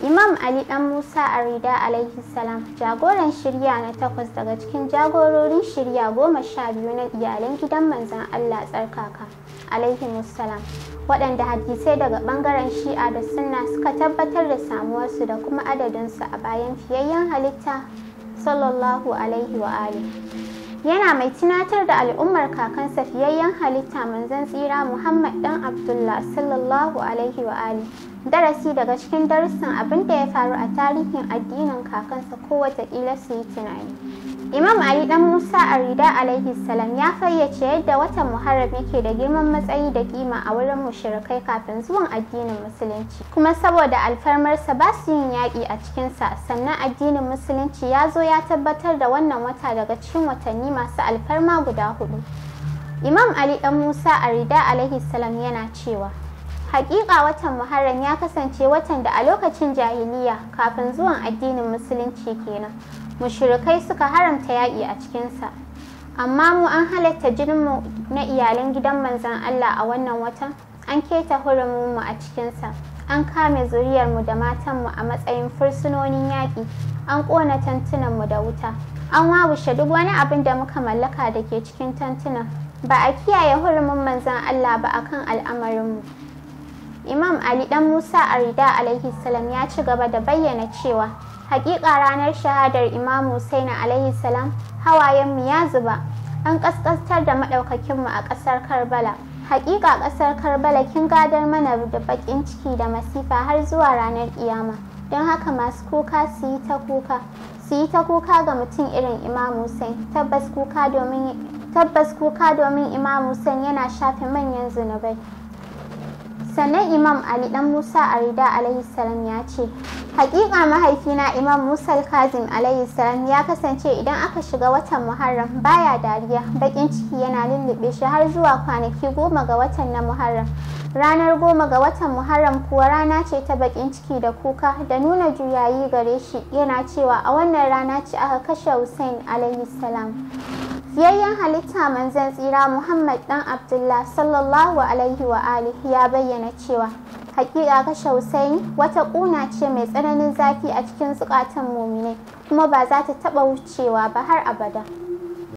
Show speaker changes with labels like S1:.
S1: Imam Ali Dan Musa Arida alaihi salam jagoran shirya na takwas daga cikin jagororin shirya goma sha biyu na iyalan gidan manzan Allah tsarkaka alaihi musalam waɗanda hadisai daga ɓangaren shi'a da sunna suka tabbatar da samuwarsu da kuma adadinsu a bayan fiyayyen halitta sallallahu alaihi wa yana mai tunatar da al'ummar kakansa fiyayyen halitta manzan tsira Muhammad dan Abdullah sallallahu alaihi wa ali darasi daga cikin darussan abin da ya faru a tarihin addinin kakansa ko watakila su yi tunani imam ali dan musa arida alaihi salam ya fayyace yadda watan muharram yake da girman matsayi da kima a wurin mushrikai kafin zuwan addinin musulunci kuma saboda alfarmarsa ba su yin yaƙi a cikinsa sannan addinin musulunci ya zo ya tabbatar da wannan wata daga cikin watanni masu alfarma guda hudu imam ali dan musa arida alaihi salam yana cewa Hakika watan Muharram ya kasance watan da a lokacin jahiliya kafin zuwan addinin musulunci kenan mushrikai suka haramta yaƙi a cikinsa amma mu an halatta jininmu na iyalan gidan manzon Allah a wannan watan an keta hurumin mu a cikinsa an kame zuriyarmu da matanmu a matsayin fursunonin yaƙi an ƙona mu da wuta an wawushe duk wani abin da muka mallaka da ke cikin tantunan ba a kiyaye hurumin manzon Allah ba akan al'amarinmu Imam Ali dan Musa Arida alaihi salam ya ci gaba da bayyana cewa hakika ranar shahadar Imam Hussein alaihi salam hawayenmu ya zuba an kaskantar da madaukakinmu a kasar Karbala. Hakika kasar Karbala kin gadar mana da bakin ciki da masifa har zuwa ranar kiyama. Don haka masu kuka su yi ta kuka, su yi ta kuka ga mutum irin Imam Hussein, tabbas kuka domin tabbas kuka domin Imam Hussein yana shafe manyan zunubai. sannan imam ali dan musa a rida salam ya ce hakika mahaifina imam musa kazim alaihi ya kasance idan aka shiga watan muharram baya dariya bakin ciki yana lullube shi har zuwa kwanaki goma ga watan na muharram ranar goma ga watan muharram kuwa rana ce ta bakin ciki da kuka da nuna juyayi gare shi yana cewa a wannan rana ce aka kashe hussein alaihi Fiyayyen halitta manzan tsira Muhammad ɗan Abdullah sallallahu alaihi wa alihi ya bayyana cewa hakika kashe Husaini wata kuna ce mai tsananin zafi a cikin zukatan muminai kuma ba za ta taɓa wucewa ba har abada.